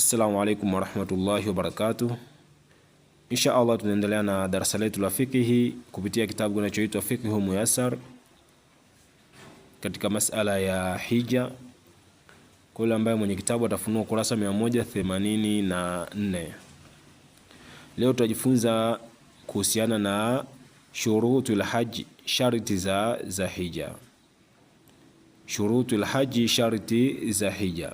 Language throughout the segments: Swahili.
Assalamu alaikum warahmatullahi wabarakatuh. Insha Allah tunaendelea na darasa letu la fikihi kupitia kitabu kinachoitwa Fiqhu Muyassar katika masala ya hija. Kwa yule ambaye mwenye kitabu atafunua kurasa 184. Leo tutajifunza kuhusiana na shurutul lhaji sharti za za hija. Shurutul haji, sharti za hija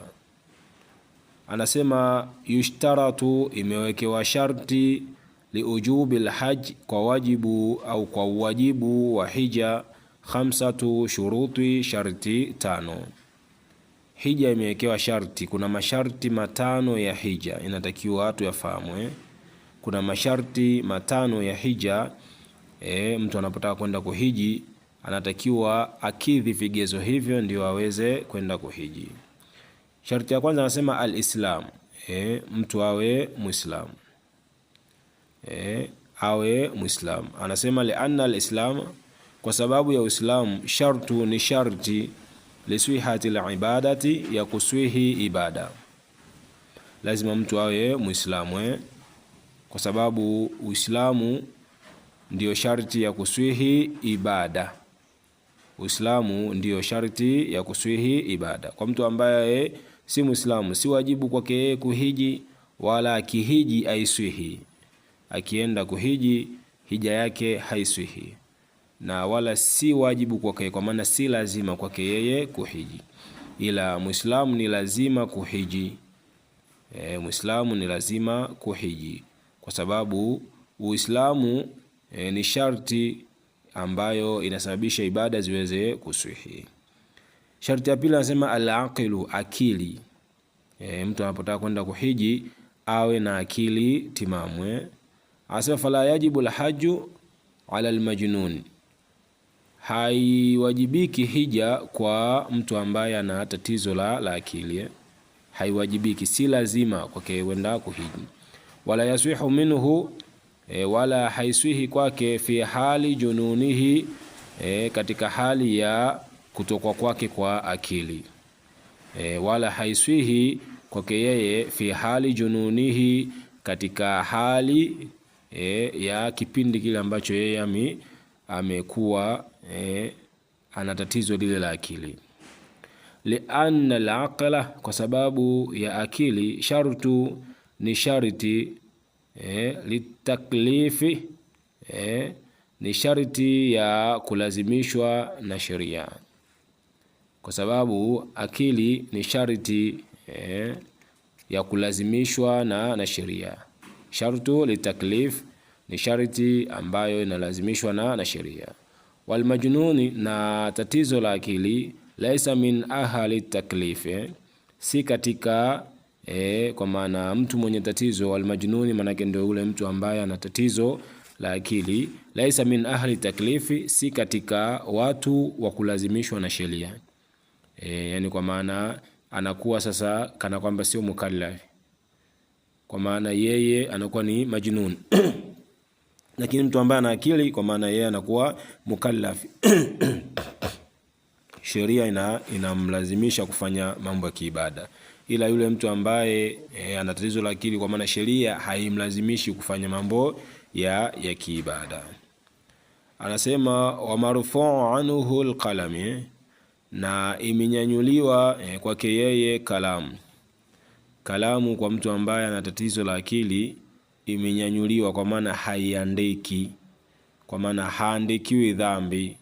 anasema yushtaratu, imewekewa sharti liujubi lhaj, kwa wajibu au kwa uwajibu wa hija, khamsatu shuruti, sharti tano. Hija imewekewa sharti, kuna masharti matano ya hija, inatakiwa watu yafahamu eh? Kuna masharti matano ya hija eh, mtu anapotaka kwenda kuhiji anatakiwa akidhi vigezo hivyo ndio aweze kwenda kuhiji. Sharti ya kwanza anasema alislam, eh, mtu awe muislam eh, awe muislam. Anasema lianna alislam, kwa sababu ya Uislamu, shartu ni sharti liswihati ibadati ya kuswihi ibada, lazima mtu awe muislamu eh, kwa sababu Uislamu ndio sharti ya kuswihi ibada. Uislamu ndio sharti ya kuswihi ibada kwa mtu ambaye si Muislamu, si wajibu kwake yeye kuhiji, wala akihiji aiswihi. Akienda kuhiji hija yake haiswihi, na wala si wajibu kwake, kwa maana si lazima kwake yeye kuhiji, ila Muislamu ni lazima kuhiji. E, Muislamu ni lazima kuhiji kwa sababu Uislamu e, ni sharti ambayo inasababisha ibada ziweze kuswihi. Sharti ya pili anasema alaqilu, akili. E, mtu anapotaka kwenda kuhiji awe na akili timamu. Eh. Anasema fala yajibu alhaju ala almajnun, haiwajibiki hija kwa mtu ambaye ana tatizo la, la akili. Eh. Haiwajibiki, si lazima kwake kwenda kuhiji. Wala yaswihu minhu e, wala haiswihi kwake fi hali jununihi e, katika hali ya kutokwa kwake kwa akili e, wala haiswihi kwake yeye fi hali jununihi, katika hali e, ya kipindi kile ambacho yeye amekuwa e, ana tatizo lile la akili lianna alaqla, kwa sababu ya akili shartu ni sharti e, litaklifi e, ni sharti ya kulazimishwa na sheria kwa sababu akili ni sharti eh, ya kulazimishwa na, na sheria. Shartu litaklif ni sharti ambayo inalazimishwa na, na sheria. Walmajnuni, na tatizo la akili, laisa min ahali taklif, eh, si katika eh, kwa maana mtu mwenye tatizo. Walmajnuni maanake ndio yule mtu ambaye ana tatizo la akili, laisa min ahli taklifi, si katika watu wa kulazimishwa na sheria e, yani kwa maana anakuwa sasa kana kwamba sio mukallaf, kwa maana yeye anakuwa ni majnun lakini mtu ambaye ana akili, kwa maana yeye anakuwa mukallaf sheria ina inamlazimisha kufanya mambo ya kiibada, ila yule mtu ambaye e, ana tatizo la akili, kwa maana sheria haimlazimishi kufanya mambo ya, ya kiibada. Anasema wamarfuu anhu alqalami na imenyanyuliwa eh, kwake yeye kalamu. Kalamu kwa mtu ambaye ana tatizo la akili imenyanyuliwa, kwa maana haiandiki, kwa maana haandikiwi dhambi,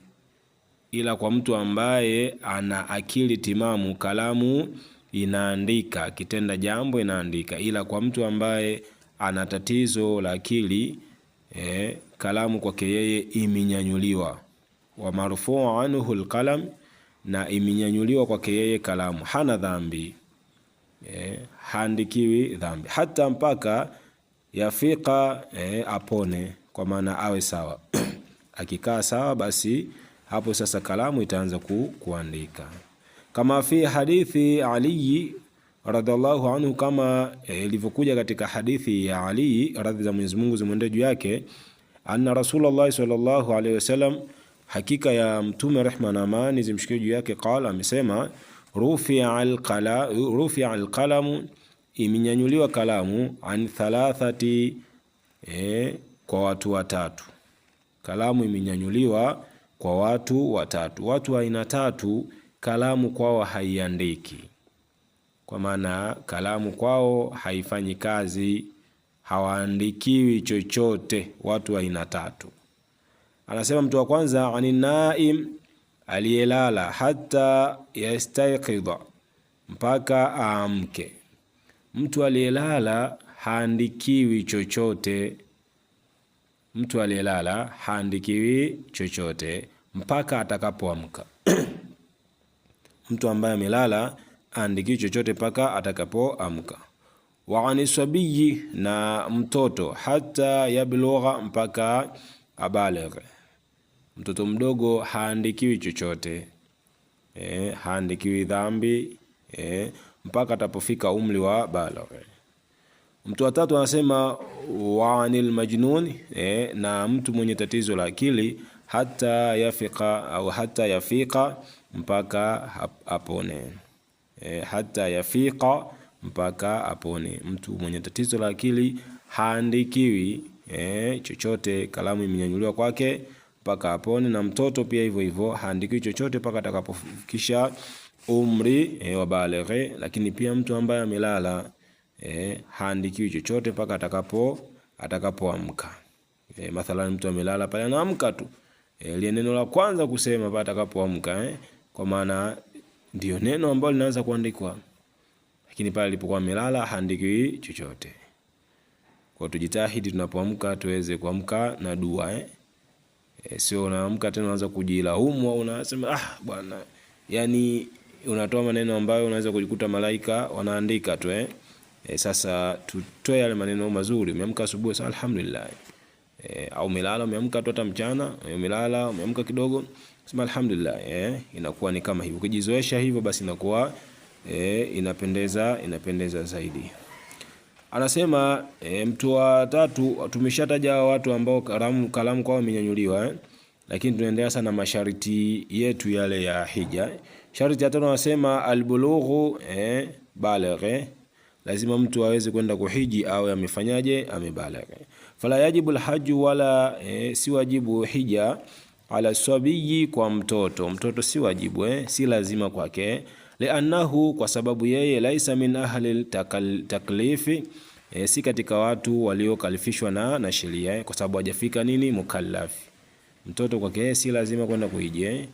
ila kwa mtu ambaye ana akili timamu kalamu inaandika, kitenda jambo inaandika, ila kwa mtu ambaye ana tatizo la akili eh, kalamu kwake yeye imenyanyuliwa, wa marfuu anhu alqalam na imenyanyuliwa kwake yeye kalamu, hana dhambi eh, haandikiwi dhambi hata mpaka yafika eh, apone, kwa maana awe sawa akikaa sawa, basi hapo sasa kalamu itaanza ku, kuandika kama fi hadithi Ali radhiallahu anhu, kama eh, ilivyokuja eh, katika hadithi ya Ali radhi za Mwenyezi Mungu zimwendee juu yake, anna Rasulullah sallallahu alaihi wasallam hakika ya Mtume rehma na amani zimshikie juu yake, qala amesema, rufia alqalamu, iminyanyuliwa kalamu an thalathati, eh, kwa watu watatu. Kalamu iminyanyuliwa kwa watu watatu. Watu wa aina tatu kalamu kwao haiandiki, kwa maana kalamu kwao haifanyi kazi, hawaandikiwi chochote. Watu wa aina tatu anasema mtu wa kwanza ani naim, aliyelala, hata yastaiqidha, mpaka aamke. Mtu aliyelala haandikiwi chochote, mtu aliyelala haandikiwi chochote mpaka atakapoamka. mtu ambaye amelala aandikiwi chochote mpaka atakapoamka. Wa ani sabiyi, na mtoto, hata yablugha, mpaka abalighe Mtoto mdogo haandikiwi chochote e, haandikiwi dhambi e, mpaka atapofika umri wa balagha. Eh. Mtu wa tatu anasema waanil majnun e, na mtu mwenye tatizo la akili hata yafika au hata yafika mpaka apone e, hata yafika mpaka apone. Mtu mwenye tatizo la akili haandikiwi e, chochote, kalamu imenyanyuliwa kwake mpaka apone, Na mtoto pia hivyo hivyo haandikiwi chochote mpaka atakapofikisha umri e, wa balere. Lakini pia mtu ambaye amelala e, haandikiwi chochote mpaka atakapo atakapoamka. E, mathalan mtu amelala pale anaamka tu e, ile neno la kwanza kusema pale atakapoamka e, kwa maana ndio neno ambalo linaanza kuandikwa, lakini pale alipokuwa amelala haandikiwi chochote. Kwa tujitahidi tunapoamka tuweze kuamka na dua eh. E, sio unaamka tena unaanza kujilaumu au unasema ah, bwana, yani unatoa maneno ambayo unaweza kujikuta malaika wanaandika tu eh. E, sasa tutoe yale maneno mazuri. Umeamka asubuhi, sasa alhamdulillah. E, au umelala umeamka tu hata mchana umelala umeamka kidogo, sema alhamdulillah. eh. inakuwa ni kama hivyo, ukijizoesha hivyo basi inakuwa eh, inapendeza inapendeza zaidi anasema e, mtu wa tatu tumeshataja watu ambao kalamu, kalamu kwao imenyanyuliwa eh? Lakini tunaendelea sana masharti yetu yale ya hija. Sharti ya tano anasema albulughu eh, baligh, eh? lazima mtu aweze kwenda kuhiji awe amefanyaje, amebaligh. Fala yajibu alhaju wala eh, si wajibu hija ala sabiyi, kwa mtoto. Mtoto si wajibu eh, si lazima kwake liannahu, kwa sababu yeye laisa min ahli taklifi E, si katika watu waliokalifishwa na, na sheria kwa sababu hajafika nini mukallafi. Mtoto kwake si lazima kwenda kuije.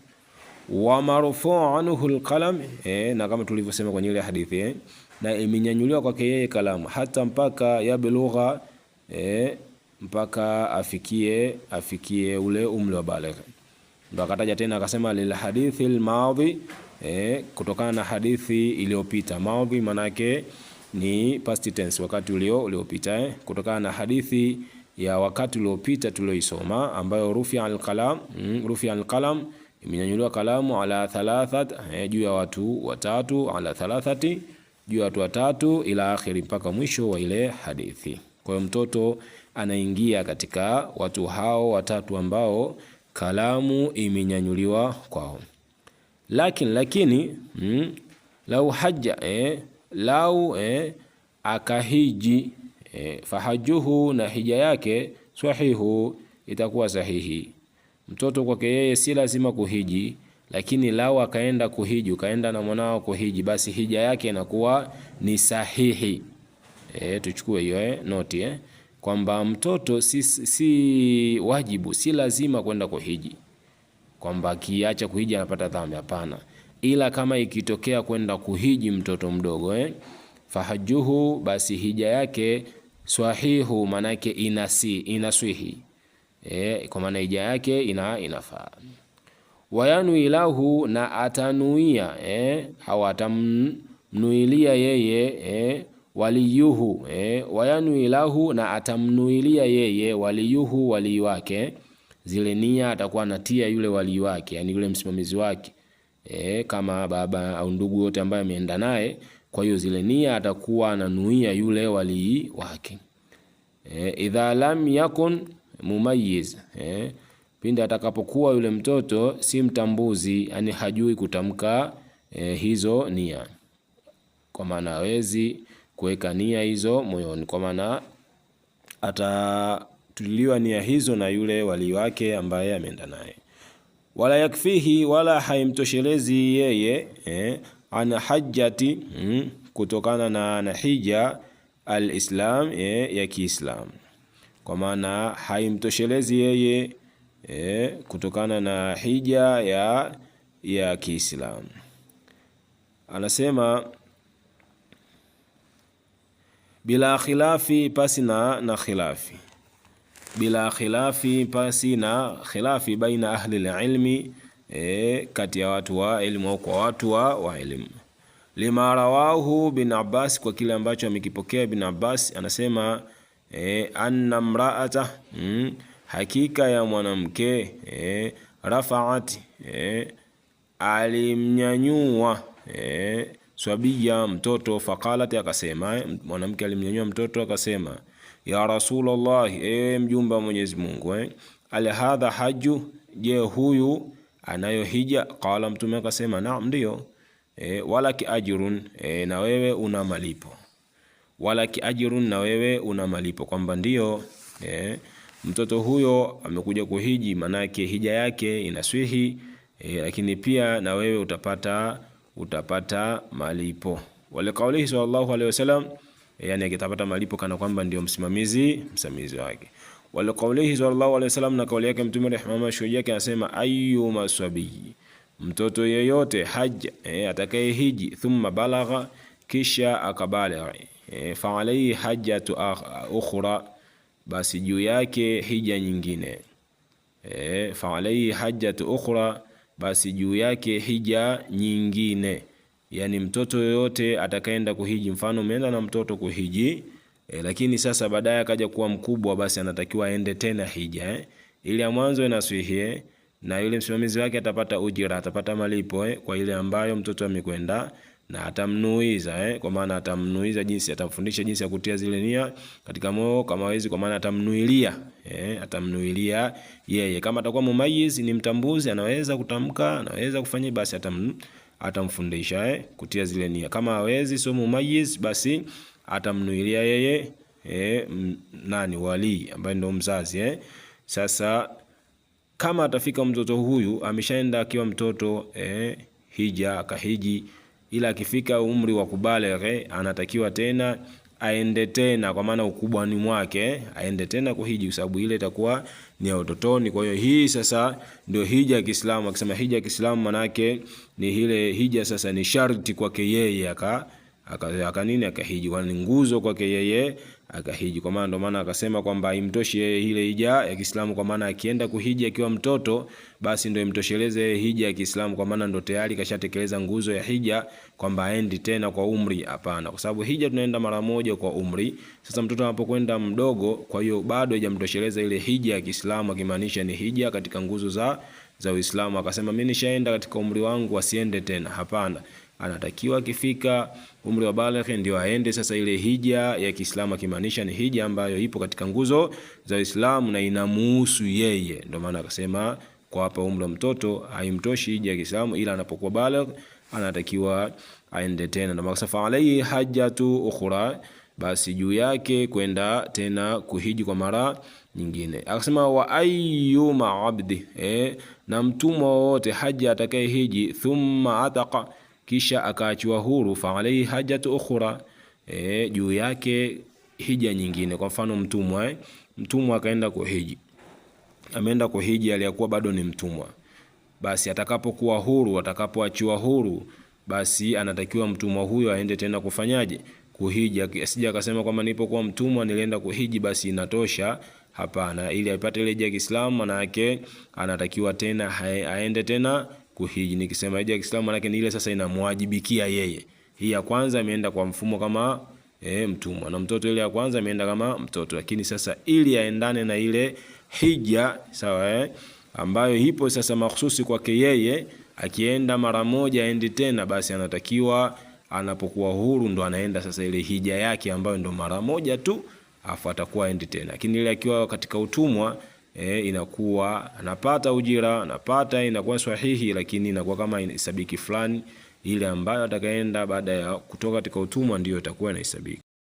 Wa marfu anhu alqalam e, na kama tulivyosema kwenye ile hadithi e, na imenyanyuliwa kwake yeye kalamu hata mpaka ya yablugha e, mpaka afikie afikie ule umri wa baligh. Ndo akataja tena akasema lil hadithi almadhi eh, kutokana na hadithi iliyopita. Maudhi manake ni past tense, wakati ulio uliopita eh, kutokana na hadithi ya wakati uliopita tulioisoma, ambayo rufia alqalam, mm, rufia alqalam imenyanyuliwa kalamu ala thalathat, eh, juu ya watu watatu, ala thalathati, juu ya watu watatu, ila akhiri, mpaka mwisho wa ile hadithi. Kwa hiyo mtoto anaingia katika watu hao watatu ambao kalamu imenyanyuliwa kwao. Lakin, lakini mm, lau haja eh, lau eh, akahiji eh, fahajuhu na hija yake sahihu, itakuwa sahihi. Mtoto kwake yeye si lazima kuhiji, lakini lau akaenda kuhiji, kaenda na mwanao kuhiji, basi hija yake inakuwa ni sahihi. Eh, tuchukue hiyo eh, noti eh, kwamba mtoto si, si wajibu si lazima kwenda kuhiji kwamba akiacha kuhiji anapata dhambi, hapana. Ila kama ikitokea kwenda kuhiji mtoto mdogo eh, fahajuhu, basi hija yake swahihu, manake inasi inaswihi eh, kwa maana hija yake ina inafaa. Wayanui lahu, na atanuia eh, au atamnuilia yeye eh, waliyuhu eh, wayanui lahu, na atamnuilia yeye waliyuhu, walii wake zile nia atakuwa anatia yule wali wake, yani yule msimamizi wake e, kama baba au ndugu yote ambaye ameenda naye. Kwa hiyo zile nia atakuwa ananuia yule wali wake e, idha lam yakun mumayyiz e, pindi atakapokuwa yule mtoto si mtambuzi, yani hajui kutamka e, hizo nia, kwa maana hawezi kuweka nia hizo moyoni, kwa maana ata kufutuliliwa nia hizo na yule wali wake ambaye ameenda naye. Wala yakfihi, wala haimtoshelezi yeye eh, ana hajjati mm, kutokana na na hija alislam eh, ya Kiislam, kwa maana haimtoshelezi yeye eh, kutokana na hija ya ya Kiislam. Anasema bila khilafi, pasi na na khilafi bila khilafi, pasi na khilafi baina ahli alilmi, e, kati ya watu wa elimu au kwa watu wa, wa elimu. Lima rawahu bin Abbas, kwa kile ambacho amekipokea bin Abbas anasema e, anna mraata mm, hakika ya mwanamke e, rafaat e, alimnyanyua e, swabiya mtoto. Faqalat, akasema mwanamke alimnyanyua mtoto akasema ya Rasulullah, ewe mjumbe wa Mwenyezi Mungu eh, al hadha haju, je huyu anayo hija? Qala, mtume akasema naam, ndio. E, wala kiajrun e, na wewe una malipo. Wala ajrun na wewe una malipo, kwamba ndio e, mtoto huyo amekuja kuhiji, maanake hija yake inaswihi e, lakini pia na wewe utapata utapata malipo. walikaulihi sallallahu alaihi wasallam yani akitapata malipo kana kwamba ndio msimamizi msimamizi wake. Wala kaulihi sallallahu alaihi wasallam, na kauli yake Mtume rehma shuu yake anasema, ayu maswabi mtoto yeyote haja e, atakaye hiji thumma balagha, kisha akabaligha e, fa alaihi hajatu ukhra, basi juu yake hija nyingine e, fa alaihi hajatu ukhra, basi juu yake hija nyingine yani mtoto yoyote atakaenda kuhiji, mfano umeenda na mtoto kuhiji e, lakini sasa baadaye akaja kuwa mkubwa, basi anatakiwa aende tena hija eh. ili ya mwanzo inaswihie eh, na yule msimamizi wake atapata ujira, atapata malipo eh, kwa ile ambayo mtoto amekwenda na atamnuiza eh, kwa maana atamnuiza jinsi, atamfundisha jinsi ya kutia zile nia katika moyo kama hawezi, kwa maana atamnuilia eh, atamnuilia yeye. Kama atakuwa mumayiz, ni mtambuzi, anaweza kutamka, anaweza kufanya, basi atamnuilia atamfundisha eh, kutia zile nia. Kama hawezi so majiz, basi atamnuilia yeye eh, nani wali ambaye ndio mzazi eh. Sasa kama atafika mtoto huyu ameshaenda akiwa mtoto eh, hija akahiji, ila akifika umri wa kubalighe anatakiwa tena aende tena, kwa maana ukubwani mwake aende tena kuhiji, kwa sababu ile itakuwa ni ya utotoni. Kwa hiyo hii sasa ndio hija ya Kiislamu. Akisema hija ya Kiislamu, manake ni ile hija sasa ni sharti kwake yeye aka nini akahiji, kwa ni nguzo kwake yeye akahiji. Kwa maana ndo maana akasema kwamba imtoshi yeye ile hija ya Kiislamu, kwa maana akienda kuhiji akiwa mtoto, basi ndo imtosheleze yeye hija ya Kiislamu, kwa maana ndo tayari kashatekeleza nguzo ya hija, kwamba aendi tena kwa umri. Hapana, kwa sababu hija tunaenda mara moja kwa umri. Sasa mtoto anapokwenda mdogo, kwa hiyo bado haijamtosheleza ile hija ya Kiislamu, akimaanisha ni hija katika nguzo za za Uislamu. Akasema mimi nishaenda katika umri wangu, asiende tena. Hapana anatakiwa akifika umri wa balaghe ndio aende sasa ile hija ya Kiislamu, akimaanisha ni hija ambayo ipo katika nguzo za Uislamu na inamuhusu yeye. Ndio maana akasema kwa hapa umri wa mtoto haimtoshi hija ya Kiislamu, ila anapokuwa balagh anatakiwa aende tena. Ndio maana alayhi hajatu ukhra, basi juu yake kwenda tena kuhiji kwa mara nyingine. Akasema wa ayyuma abdi eh, na mtumwa wote haja atakaye hiji thumma ataka kisha akaachiwa huru, fa alaihi hajatu ukhra, e, juu yake hija nyingine. Kwa mfano mtumwa eh? Mtumwa akaenda kuhiji, ameenda kuhiji aliyakuwa bado ni mtumwa, basi atakapokuwa huru, atakapoachiwa huru, basi anatakiwa mtumwa huyo aende tena kufanyaje? Kuhiji. Asije akasema kwamba nilipokuwa mtumwa nilienda kuhiji, basi inatosha. Hapana, ili aipate ile hija ya Kiislamu, maana yake anatakiwa tena aende tena kuhiji. Nikisema hija ya Kiislamu maana ni ile sasa inamwajibikia yeye. Hii ya kwanza imeenda kwa mfumo kama eh, mtumwa na mtoto, ile ya kwanza imeenda kama mtoto, lakini sasa ili aendane na ile hija sawa, eh, ambayo ipo sasa mahususi kwake yeye, akienda mara moja aendi tena, basi anatakiwa anapokuwa huru ndo anaenda sasa ile hija yake ambayo ndo mara moja tu, afu atakuwa aendi tena, lakini ile akiwa katika utumwa e, inakuwa anapata ujira, anapata inakuwa sahihi, lakini inakuwa kama isabiki fulani ile ambayo atakaenda baada ya kutoka katika utumwa ndiyo itakuwa inahesabika.